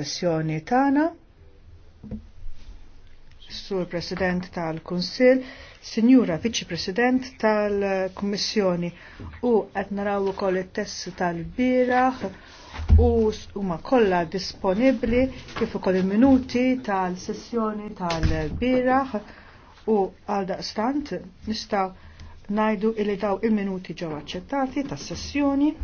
sessjoni tagħna. Sur President tal-Kunsill, Signora Vice President tal-Kummissjoni u qed naraw ukoll it tess tal-bieraħ u huma kollha disponibbli kif ukoll il-minuti tal-sessjoni tal-bieraħ u għal daqstant nistgħu ngħidu li daw il-minuti ġew aċċettati tas-sessjoni.